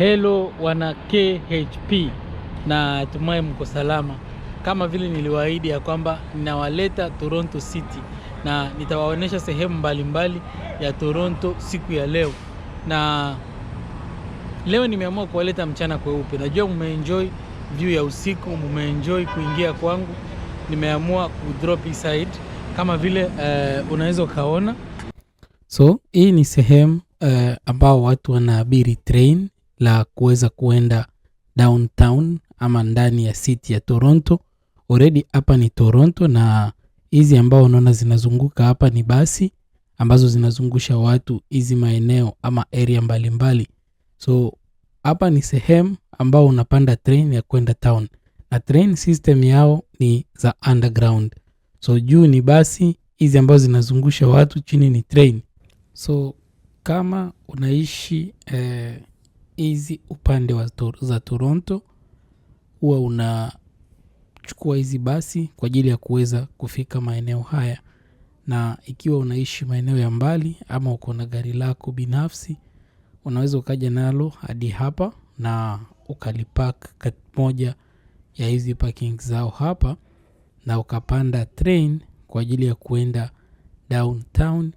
Hello wana KHP, na tumai mko salama. Kama vile niliwaahidi ya kwamba ninawaleta Toronto City na nitawaonyesha sehemu mbalimbali mbali ya Toronto siku ya leo, na leo nimeamua kuwaleta mchana kweupe. Najua mmeenjoy view ya usiku, mmeenjoy kuingia kwangu, nimeamua kudrop hii kama vile uh, unaweza ukaona. So hii ni sehemu uh, ambao watu wanaabiri train la kuweza kuenda downtown ama ndani ya city ya Toronto. Already hapa ni Toronto, na hizi ambao unaona zinazunguka hapa ni basi ambazo zinazungusha watu hizi maeneo ama area mbalimbali mbali. So hapa ni sehemu ambao unapanda train ya kwenda town, na train system yao ni za underground. So juu ni basi hizi ambazo zinazungusha watu, chini ni train. So kama unaishi eh, hizi upande wa to, za Toronto huwa unachukua hizi basi kwa ajili ya kuweza kufika maeneo haya, na ikiwa unaishi maeneo ya mbali ama uko na gari lako binafsi, unaweza ukaja nalo hadi hapa na ukalipak moja ya hizi parking zao hapa, na ukapanda train kwa ajili ya kuenda downtown,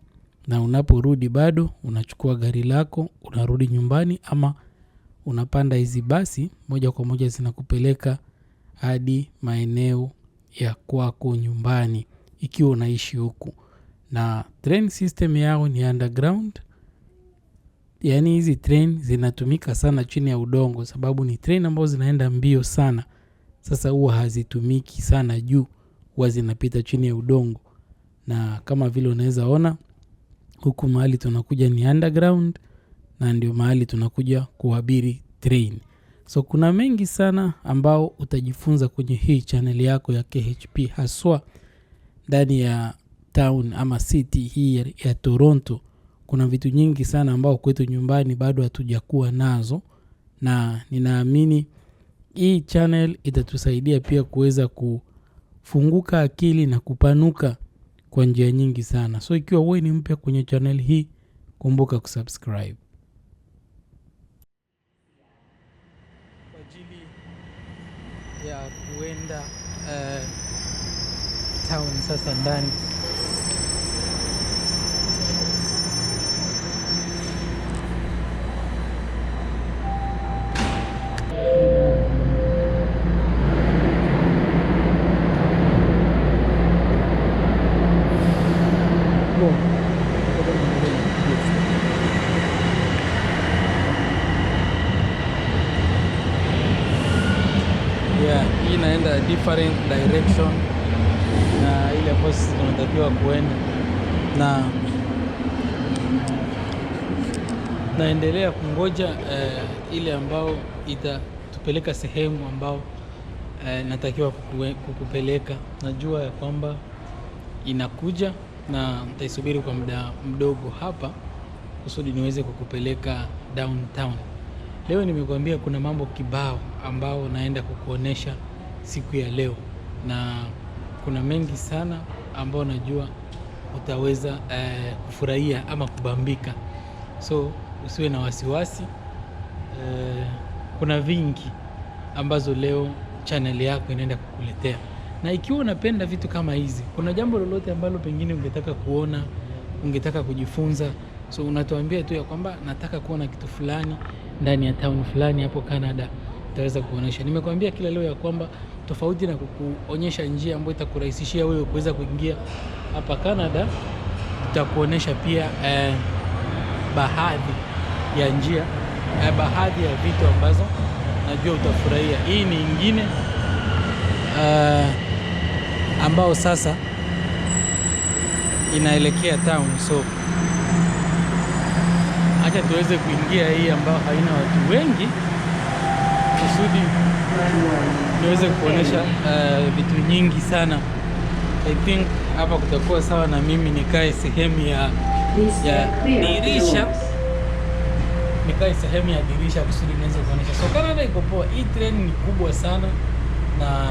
na unaporudi bado unachukua gari lako unarudi nyumbani ama unapanda hizi basi moja kwa moja zinakupeleka hadi maeneo ya kwako nyumbani ikiwa unaishi huku na train system yao ni underground yaani hizi train zinatumika sana chini ya udongo sababu ni train ambazo zinaenda mbio sana sasa huwa hazitumiki sana juu huwa zinapita chini ya udongo na kama vile unaweza ona huku mahali tunakuja ni underground na ndio mahali tunakuja kuhabiri train. So kuna mengi sana ambao utajifunza kwenye hii chaneli yako ya KHP haswa ndani ya town ama city hii ya, Toronto. Kuna vitu nyingi sana ambao kwetu nyumbani bado hatujakuwa nazo, na ninaamini hii chanel itatusaidia pia kuweza kufunguka akili na kupanuka kwa njia nyingi sana. So ikiwa huwe ni mpya kwenye chanel hii, kumbuka kusubscribe. town sasa ndani Yeah, different direction ambayo sisi tunatakiwa kuenda na naendelea kungoja uh, ile ambao itatupeleka sehemu ambao uh, natakiwa kukupeleka. Najua ya kwamba inakuja na nitaisubiri kwa muda mdogo hapa kusudi niweze kukupeleka downtown. Leo nimekuambia kuna mambo kibao ambao naenda kukuonesha siku ya leo na kuna mengi sana ambayo najua utaweza eh, kufurahia ama kubambika, so usiwe na wasiwasi eh, kuna vingi ambazo leo channel yako inaenda kukuletea. Na ikiwa unapenda vitu kama hizi, kuna jambo lolote ambalo pengine ungetaka kuona, ungetaka kujifunza, so unatuambia tu ya kwamba nataka kuona kitu fulani ndani ya town fulani hapo Canada, utaweza kuonesha. nimekuambia kila leo ya kwamba tofauti na kukuonyesha njia ambayo itakurahisishia wewe kuweza kuingia hapa Canada. Tutakuonyesha pia eh, baadhi ya njia eh, baadhi ya vitu ambazo najua utafurahia. Hii ni ingine eh, ambao sasa inaelekea town, so acha tuweze kuingia hii ambayo haina watu wengi kusudi niweze kuonesha uh, vitu nyingi sana. I think hapa kutakuwa sawa na mimi nikae sehemu ya, ya dirisha nikae sehemu ya dirisha kusudi niweze kuonesha. So Canada iko poa, hii treni ni kubwa sana na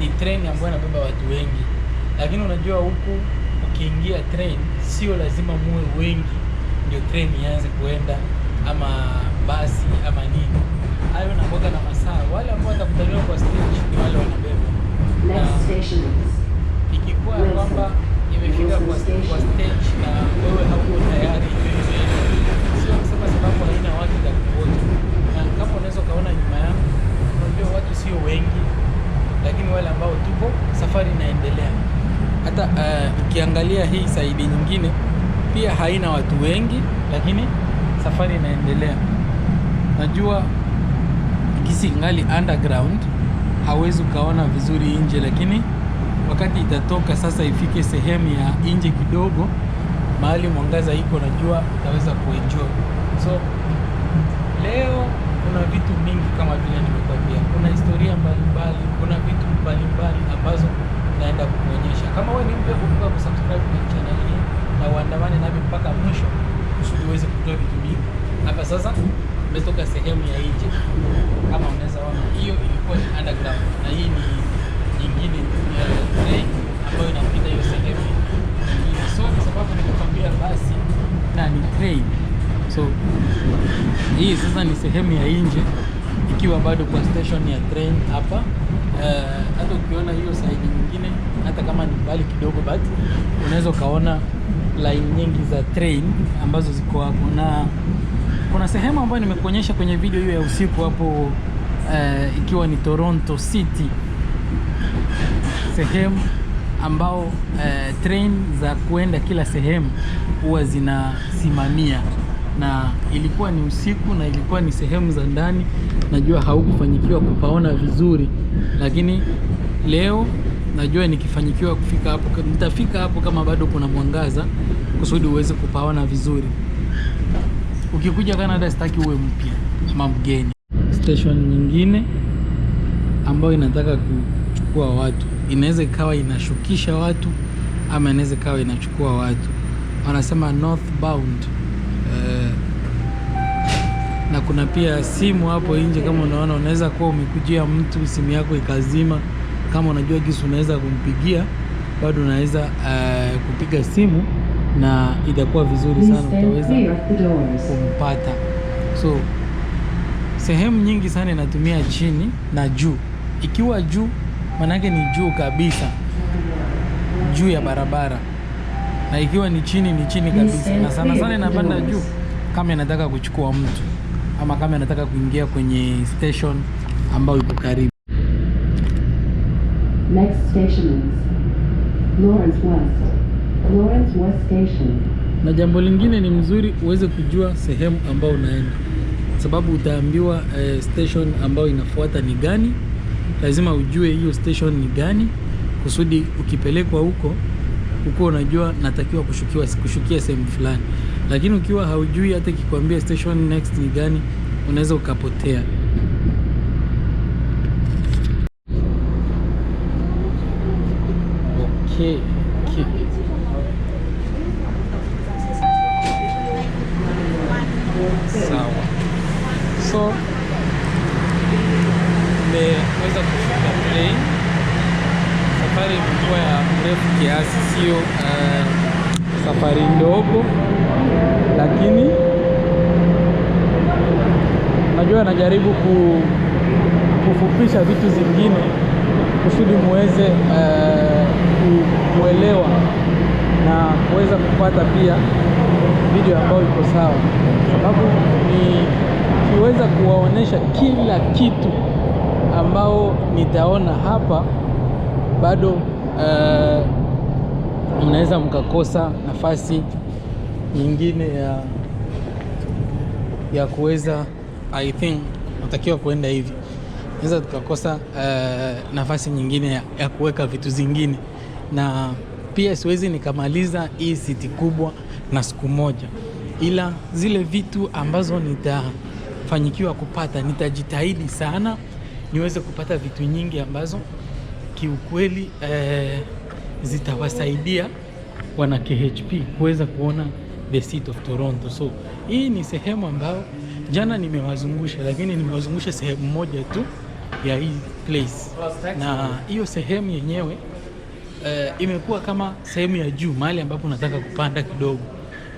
ni treni ambayo inabeba watu wengi, lakini unajua huku ukiingia treni sio lazima muwe wengi ndio treni ianze kuenda ama basi ama nini ayo na mboga na masaa. Wale ambao watakutaniwa kwa stage ni wale wanabeba, ikikuwa ya kwamba imefika kwa stage na wewe hauko tayari, sio kusema sababu haina watu itakuota. Na kama unaweza ukaona nyuma yangu, unajua watu sio wengi, lakini wale ambao tupo, safari inaendelea. Hata eh, ukiangalia uh, hii saidi nyingine pia haina watu wengi, lakini safari inaendelea. Najua hisi ngali underground, hawezi ukaona vizuri nje, lakini wakati itatoka sasa ifike sehemu ya nje kidogo, mahali mwangaza iko na jua, utaweza kuenjoy. So leo kuna vitu mingi kama vile nimekwambia, kuna historia mbalimbali, kuna vitu mbalimbali ambazo naenda kukuonyesha. Kama wewe ni mpya, kumbuka kusubscribe kwenye channel hii na uandamane nami mpaka mwisho kusudi uweze kutoa vitu mingi hapa sasa umetoka sehemu ya nje kama unaweza ona, hiyo ilikuwa ni underground na hii ni nyingine ya train ambayo inapita hiyo sehemu nyingine. So kwa sababu nilikwambia basi na ni train, so hii sasa ni sehemu ya nje ikiwa bado kwa station ya train hapa. Uh, hata ukiona hiyo side nyingine, hata kama ni mbali kidogo, but unaweza ukaona line nyingi za train ambazo ziko hapo na kuna sehemu ambayo nimekuonyesha kwenye video hiyo ya usiku hapo, uh, ikiwa ni Toronto City, sehemu ambao uh, train za kuenda kila sehemu huwa zinasimamia, na ilikuwa ni usiku na ilikuwa ni sehemu za ndani. Najua haukufanyikiwa kupaona vizuri, lakini leo najua nikifanyikiwa kufika hapo, nitafika hapo kama bado kuna mwangaza, kusudi uweze kupaona vizuri. Ukikuja Canada sitaki uwe mpya ama mgeni. Station nyingine ambayo inataka kuchukua watu inaweza ikawa inashukisha watu ama inaweza ikawa inachukua watu, wanasema northbound. Uh, na kuna pia simu hapo nje, kama unaona, unaweza kuwa umekujia mtu simu yako ikazima, kama unajua kisi unaweza kumpigia bado unaweza uh, kupiga simu na itakuwa vizuri sana, utaweza kumpata. So sehemu nyingi sana inatumia chini na juu. Ikiwa juu, manake ni juu kabisa, juu ya barabara, na ikiwa ni chini, ni chini kabisa, na sana sana inapanda juu kama inataka kuchukua mtu ama kama inataka kuingia kwenye station ambayo iko karibu. Next station is Lawrence West. Na jambo lingine ni mzuri uweze kujua sehemu ambayo unaenda, sababu utaambiwa eh, station ambayo inafuata ni gani. Lazima ujue hiyo station ni gani kusudi ukipelekwa huko ukuwa unajua natakiwa kushukiwa, kushukia sehemu fulani, lakini ukiwa haujui hata ikikuambia station next ni gani unaweza ukapotea. Okay. mwisho nimeweza kufika plane. Safari imekuwa ya mrefu kiasi, sio uh, safari ndogo, lakini najua najaribu ku, kufupisha vitu zingine kusudi muweze uh, kuelewa na kuweza kupata pia video ambayo iko sawa, sababu ni kuweza kuwaonesha kila kitu ambao nitaona hapa bado uh, mnaweza mkakosa nafasi nyingine ya, ya kuweza I think natakiwa kuenda hivi, naweza tukakosa uh, nafasi nyingine ya, ya kuweka vitu zingine, na pia siwezi nikamaliza hii siti kubwa na siku moja, ila zile vitu ambazo nita nitafanikiwa kupata, nitajitahidi sana niweze kupata vitu nyingi ambazo kiukweli eh, zitawasaidia wana KHP kuweza kuona the city of Toronto. So hii ni sehemu ambayo jana nimewazungusha, lakini nimewazungusha sehemu moja tu ya hii place, na hiyo sehemu yenyewe eh, imekuwa kama sehemu ya juu, mahali ambapo nataka kupanda kidogo.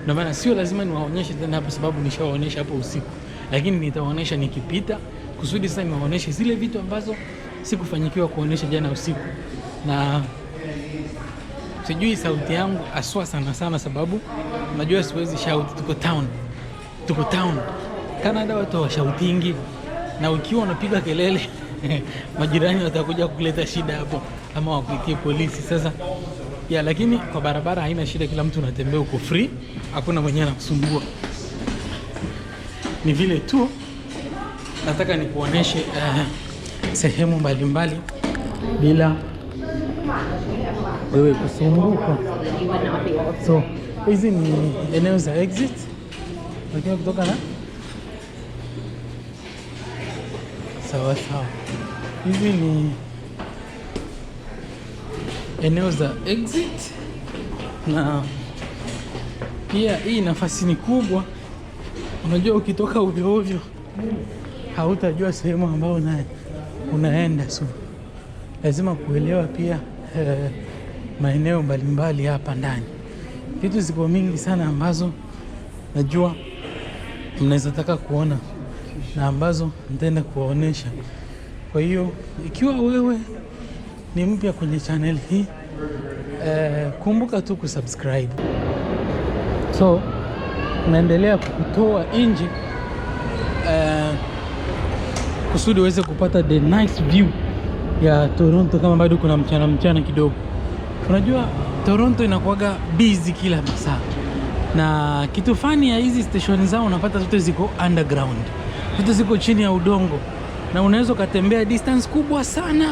Ndio maana sio lazima niwaonyeshe tena hapo, sababu nishawaonyesha hapo usiku lakini nitaonyesha nikipita, kusudi sasa niwaonyeshe zile vitu ambazo sikufanyikiwa kuonyesha jana usiku, na sijui sauti yangu aswa sana sana, sababu najua siwezi shout. Tuko town, tuko town Canada, watu hawashautingi, na ukiwa unapiga kelele majirani watakuja kuleta shida hapo, ama wakuitie polisi. Sasa ya, lakini kwa barabara haina shida, kila mtu anatembea uko free, hakuna mwenyewe anakusumbua ni vile tu nataka nikuoneshe uh, sehemu mbalimbali bila wewe kusumbuka. So hizi ni eneo za exit lakini kutoka na sawa sawa, hizi ni eneo za exit, na pia hii nafasi ni kubwa. Unajua, ukitoka ovyo ovyo hautajua sehemu ambayo una, unaenda so lazima kuelewa pia eh, maeneo mbalimbali hapa ndani. Vitu ziko mingi sana ambazo najua mnaweza taka kuona na ambazo nitaenda kuwaonesha. Kwa hiyo ikiwa wewe ni mpya kwenye channel hii eh, kumbuka tu kusubscribe so unaendelea kutoa nje uh, kusudi uweze kupata the nice view ya Toronto, kama bado kuna mchana mchana kidogo. Unajua Toronto inakuwaga busy kila masaa, na kitu fani ya hizi station zao unapata zote ziko underground, zote ziko chini ya udongo, na unaweza ukatembea distance kubwa sana,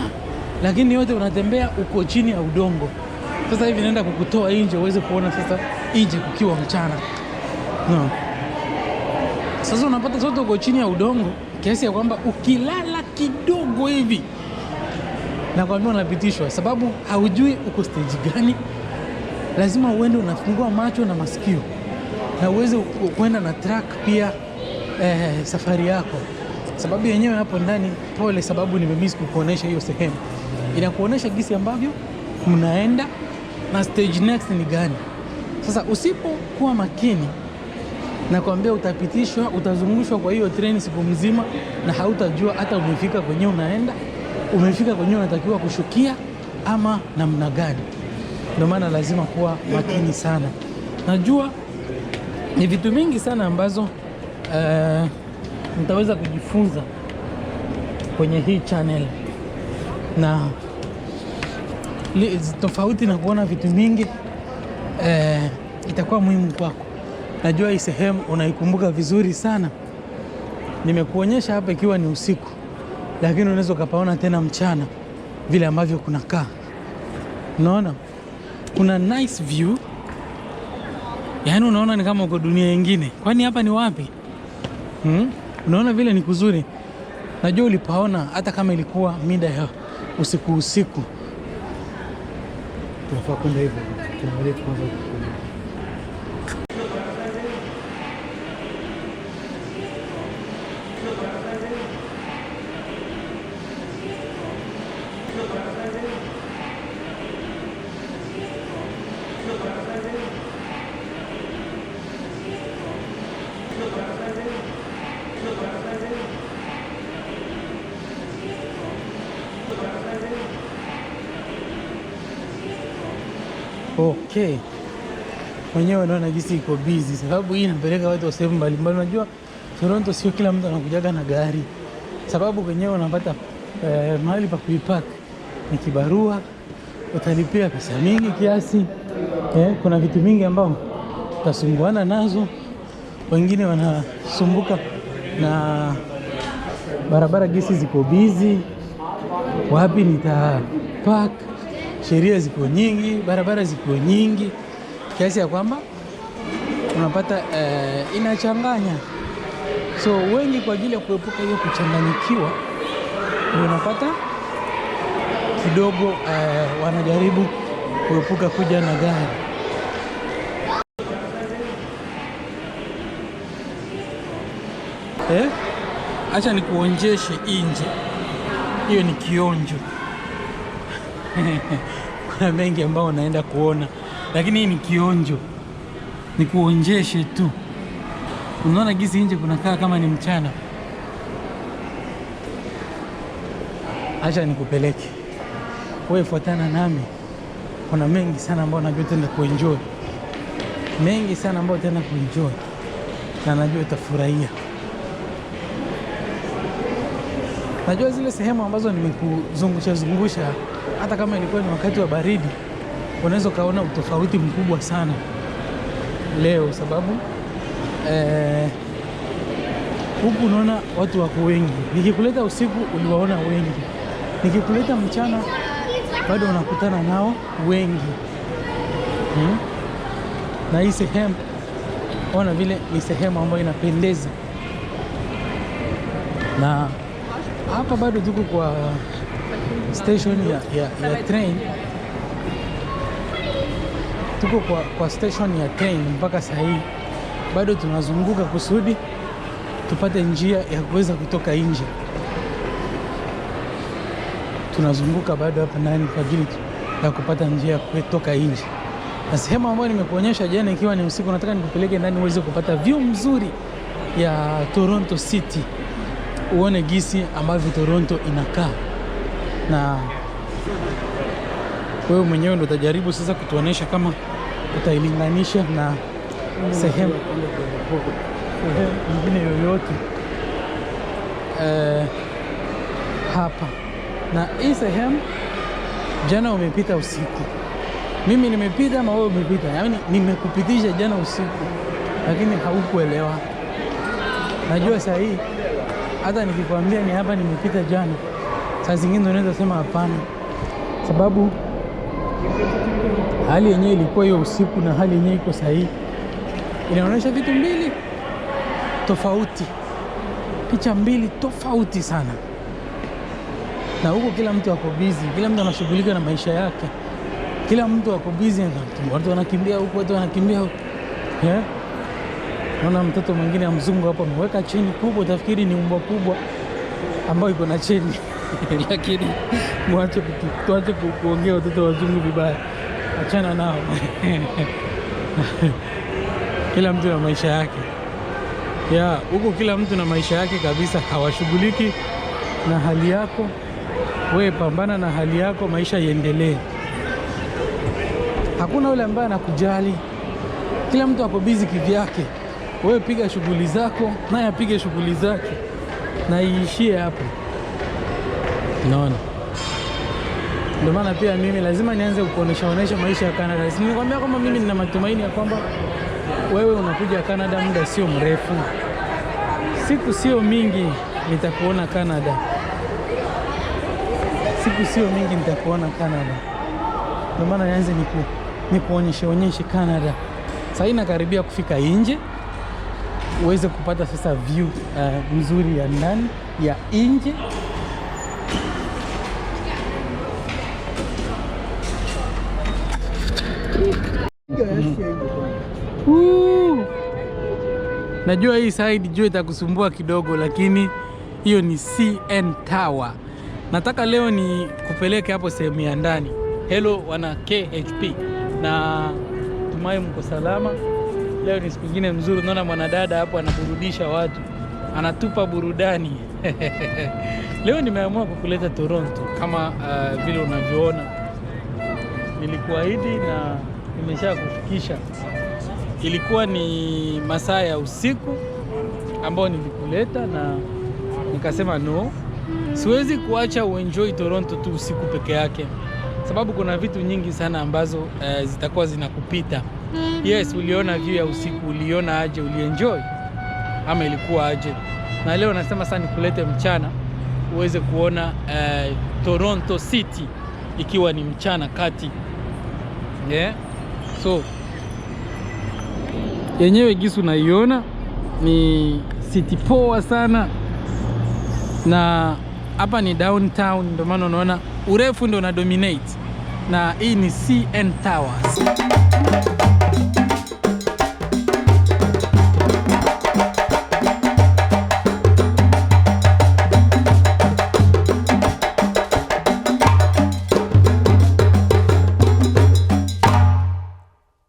lakini yote unatembea uko chini ya udongo. Sasa hivi naenda kukutoa nje uweze kuona sasa nje kukiwa mchana. No. Sasa unapata sote uko chini ya udongo kiasi ya kwamba ukilala kidogo hivi na kwambia unapitishwa, sababu haujui uko stage gani. Lazima uende unafungua macho na masikio na uweze kwenda na track pia eh, safari yako, sababu yenyewe hapo ndani. Pole, sababu nimemiss kukuonesha hiyo sehemu. Inakuonesha gisi ambavyo mnaenda na stage next ni gani. Sasa usipokuwa makini nakwambia utapitishwa, utazungushwa kwa hiyo treni siku mzima, na hautajua hata umefika kwenye unaenda, umefika kwenye unatakiwa kushukia ama namna gani. Ndio maana lazima kuwa makini sana. Najua ni vitu vingi sana ambazo uh, kujifunza kwenye hii channel na li, tofauti na kuona vitu vingi uh, eh, itakuwa muhimu kwako. Najua hii sehemu unaikumbuka vizuri sana. Nimekuonyesha hapa ikiwa ni usiku, lakini unaweza ukapaona tena mchana vile ambavyo kunakaa. Unaona kuna nice view, yaani unaona ni kama uko dunia nyingine. Kwani hapa ni wapi? Hmm? Unaona vile ni kuzuri. Najua ulipaona hata kama ilikuwa mida ya usiku usiku. Tunafaa kwenda hivyo. Okay, mwenyewe naona jinsi iko busy, sababu hii inapeleka watu wa sehemu mbalimbali. Unajua Toronto sio kila mtu anakujaga na gari, sababu wenyewe unapata eh, mahali pa kuipaki ni kibarua, utalipia pesa mingi kiasi eh. Kuna vitu vingi ambao utasumbuana nazo, wengine wanasumbuka na barabara gisi ziko bizi, wapi nita park, sheria ziko nyingi, barabara ziko nyingi kiasi ya kwamba unapata eh, inachanganya. So wengi kwa ajili ya kuepuka hiyo kuchanganyikiwa, unapata kidogo uh, wanajaribu kuepuka kuja na gari. Eh? Acha nikuonjeshe nje, hiyo ni kionjo kuna mengi ambayo unaenda kuona, lakini hii ni kionjo, nikuonjeshe tu. Unaona gisi nje kunakaa kama ni mchana. Acha nikupeleke wewe fuatana nami, kuna mengi sana ambayo najua utaenda kuenjoy, mengi sana ambayo utaenda kuenjoy na najua utafurahia. Najua zile sehemu ambazo nimekuzungusha zungusha, hata kama ilikuwa ni wakati wa baridi, unaweza ukaona utofauti mkubwa sana leo, sababu eh, huku unaona watu wako wengi. Nikikuleta usiku uliwaona wengi, nikikuleta mchana bado wanakutana nao wengi hmm? na hii sehemu ona vile ni sehemu ambayo inapendeza, na hapa bado tuko kwa station ya, ya, ya train tuko kwa, kwa station ya train mpaka saa hii bado tunazunguka kusudi tupate njia ya kuweza kutoka nje tunazunguka bado hapa ndani kwa ajili ya kupata njia ya kutoka nje, na sehemu ambayo nimekuonyesha jana ikiwa ni usiku, nataka nikupeleke ndani uweze kupata view mzuri ya Toronto City, uone gisi ambavyo Toronto inakaa, na wewe mwenyewe ndo utajaribu sasa kutuonesha kama utailinganisha na sehemu nyingine yoyote eh, hapa na hii sehemu jana umepita usiku, mimi nimepita ama wewe umepita, yaani nimekupitisha jana usiku, lakini haukuelewa. Najua saa hii hata nikikwambia ni hapa nimepita jana, saa zingine unaweza sema hapana, sababu hali yenyewe ilikuwa hiyo usiku na hali yenyewe iko sahii inaonyesha vitu mbili tofauti, picha mbili tofauti sana na huko kila mtu ako busy, kila mtu anashughulika na maisha yake, kila mtu ako busy, watu wanakimbia huko, watu wanakimbia huko yeah. Naona mtoto mwingine ya mzungu hapo ameweka cheni kubwa, utafikiri ni mbwa kubwa ambayo iko na cheni lakini mwache tuache kuongea watoto wazungu vibaya, achana nao kila mtu na maisha yake ya huko, kila mtu na maisha yake kabisa, hawashughuliki na hali yako wewe pambana na hali yako, maisha iendelee. Hakuna yule ambaye anakujali, kila mtu ako busy kivyake. Wewe piga shughuli zako, naye apige shughuli zake, na iishie hapo. naona ndio maana pia mimi lazima nianze kuonesha onesha maisha ya Canada. Nikwambia kwamba mimi nina matumaini ya kwamba wewe unakuja Canada muda sio mrefu, siku sio mingi nitakuona Canada siku sio mingi nitakuona Canada, ndio maana nianze niku nikuonyeshe onyeshe Canada. Sasa inakaribia kufika nje uweze kupata sasa view uh, mzuri ya ndani ya nje. Mm. Najua hii side jua itakusumbua kidogo, lakini hiyo ni CN Tower. Nataka leo ni kupeleke hapo sehemu ya ndani. Hello wana KHP, na tumai mko salama. Leo ni siku nyingine mzuri, naona mwanadada hapo anaburudisha watu, anatupa burudani leo nimeamua kukuleta Toronto kama uh, vile unavyoona nilikuahidi na nimesha kufikisha. Ilikuwa ni masaa ya usiku ambao nilikuleta na nikasema no Siwezi kuacha uenjoy Toronto tu usiku peke yake, sababu kuna vitu nyingi sana ambazo uh, zitakuwa zinakupita. Mm. Yes, uliona view ya usiku, uliona aje? Ulienjoy ama ilikuwa aje? Na leo nasema sana nikulete mchana uweze kuona uh, Toronto City ikiwa ni mchana kati yeah. So yenyewe gisu unaiona ni city poa sana na hapa ni downtown, ndio maana unaona urefu ndio una dominate, na hii ni CN Towers.